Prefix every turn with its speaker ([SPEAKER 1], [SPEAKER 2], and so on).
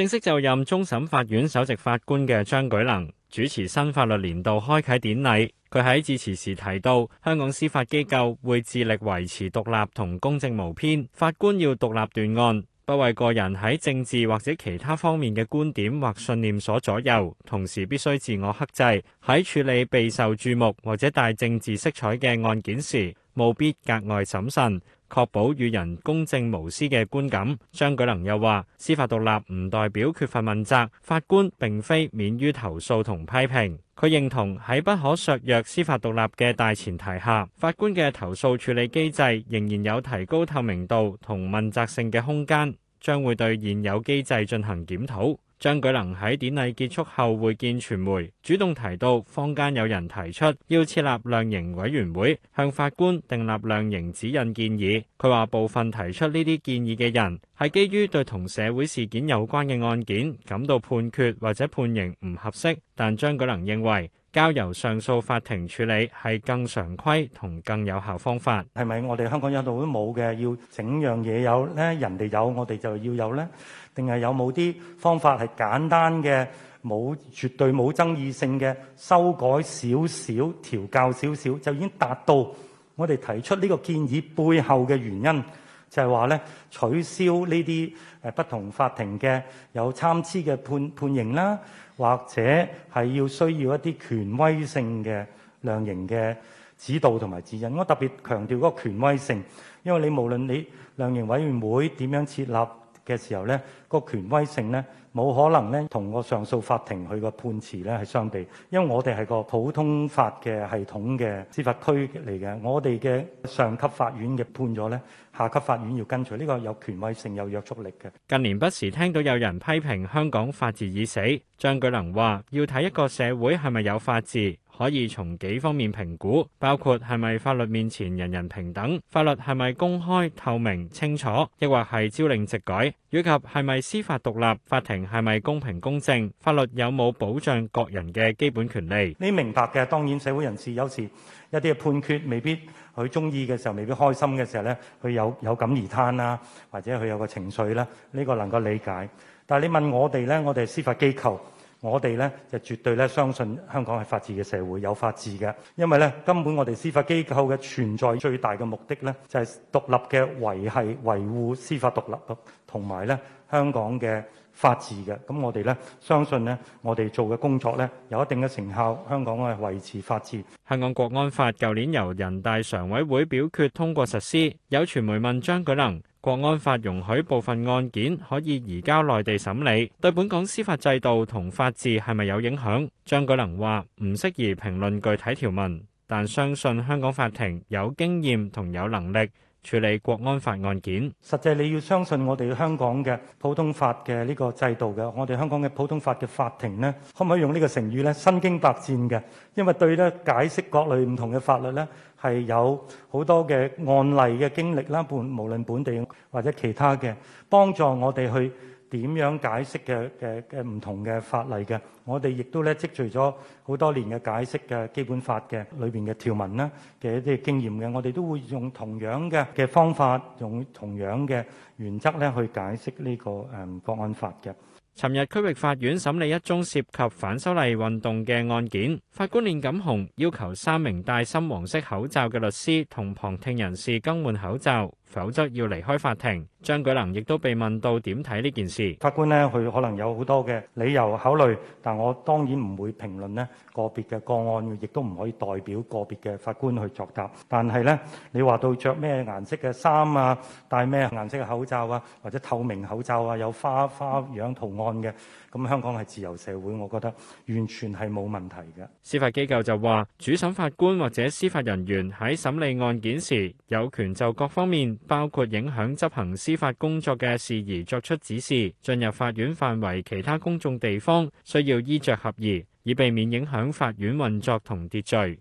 [SPEAKER 1] 正式就任終審法院首席法官嘅張舉能主持新法律年度開啟典禮。佢喺致辭時提到，香港司法機構會致力維持獨立同公正無偏，法官要獨立斷案，不為個人喺政治或者其他方面嘅觀點或信念所左右，同時必須自我克制。喺處理備受注目或者帶政治色彩嘅案件時，務必格外審慎。確保與人公正無私嘅觀感。張舉能又話：司法獨立唔代表缺乏問責，法官並非免於投訴同批評。佢認同喺不可削弱司法獨立嘅大前提下，法官嘅投訴處理機制仍然有提高透明度同問責性嘅空間，將會對現有機制進行檢討。張舉能喺典禮結束後會見傳媒，主動提到坊間有人提出要設立量刑委員會，向法官訂立量刑指引建議。佢話部分提出呢啲建議嘅人，係基於對同社會事件有關嘅案件感到判決或者判刑唔合適。但張舉能認為交由上訴法庭處理係更常規
[SPEAKER 2] 同更有效方法。係咪我哋香港有道都冇嘅，要整樣嘢有咧？人哋有，我哋就要有咧？定係有冇啲方法係簡單嘅，冇絕對冇爭議性嘅修改少少、調教少少，就已經達到我哋提出呢個建議背後嘅原因？就係話取消呢啲不同法庭嘅有參差嘅判判刑啦，或者係要需要一啲權威性嘅量刑嘅指導同埋指引。我特別強調嗰個權威性，因為你無論你量刑委員會點樣設立嘅時候咧，個權威性咧，冇可能咧，同個上訴法庭佢個判詞咧係相比，因為我哋係個普通法嘅系統嘅司法區嚟嘅，我哋嘅上級法院嘅判咗咧，下級法院要跟隨，呢個有權威性、有約束力嘅。近年不時聽到有人批
[SPEAKER 1] 評香港法治已死，張舉能話要睇一個社會係咪有法治。可以從幾方面評估，包括係咪法律面前人人平等，法律係咪公開透明，清楚，亦或係朝令夕改，以及係咪司法獨立，法
[SPEAKER 2] 庭係咪公平公正，法律有冇保障各人嘅基本權利？你明白嘅，當然社會人士有時一啲判決未必佢中意嘅時候，未必開心嘅時候咧，佢有有感而攤啦，或者佢有個情緒咧，呢個能夠理解。但係你問我哋咧，我哋係司法機構。我哋咧就絕對咧相信香港係法治嘅社會，有法治嘅。因為咧根本我哋司法機構嘅存在最大嘅目的咧，就係獨立嘅維係、維護司法獨立，同埋咧香港嘅法治嘅。咁我哋咧相信咧，我哋做嘅工作咧有一定嘅成效，香港係維
[SPEAKER 1] 持法治。香港《國安法》，舊年由人大常委會表決通過實施。有傳媒問張舉能。《國安法》容許部分案件可以移交內地審理，對本港司法制度同法治係咪有影響？張舉能話：唔適宜評論具體條文，但相信香港法庭有經驗同有能力，處
[SPEAKER 2] 理國安法案件，實際你要相信我哋香港嘅普通法嘅呢個制度嘅，我哋香港嘅普通法嘅法庭咧，可唔可以用呢個成語咧？身經百戰嘅，因為對咧解釋各類唔同嘅法律咧，係有好多嘅案例嘅經歷啦，無論本地或者其他嘅，幫助我哋去。點樣解釋嘅嘅嘅唔同嘅法例嘅？我哋亦都咧積聚咗好多年嘅解釋嘅基本法嘅裏邊嘅條文啦嘅一啲經驗嘅，我哋都會用同樣嘅嘅方法，用同樣嘅原則咧去解釋呢個誒國安法嘅。
[SPEAKER 1] 尋日區域法院審理一宗涉及反修例運動嘅案件，法官練錦鴻要求三名戴深黃色口罩嘅律師同旁聽人士更換口罩。
[SPEAKER 2] 否則要離開法庭。
[SPEAKER 1] 張舉能亦都被問到點睇呢件事。
[SPEAKER 2] 法官呢，佢可能有好多嘅理由考慮，但我當然唔會評論呢個別嘅個案，亦都唔可以代表個別嘅法官去作答。但係呢，你話到著咩顏色嘅衫啊，戴咩顏色嘅口罩啊，或者透明口罩啊，有花花樣圖案嘅，咁香港係自由社會，我覺得完全係冇問題嘅。司法機構就
[SPEAKER 1] 話，主審法官或者司法人員喺審理案件時，有權就各方面。包括影響執行司法工作嘅事宜作出指示，進入法院範圍其他公眾地方需要衣着合宜，以避免影響法院運作同秩序。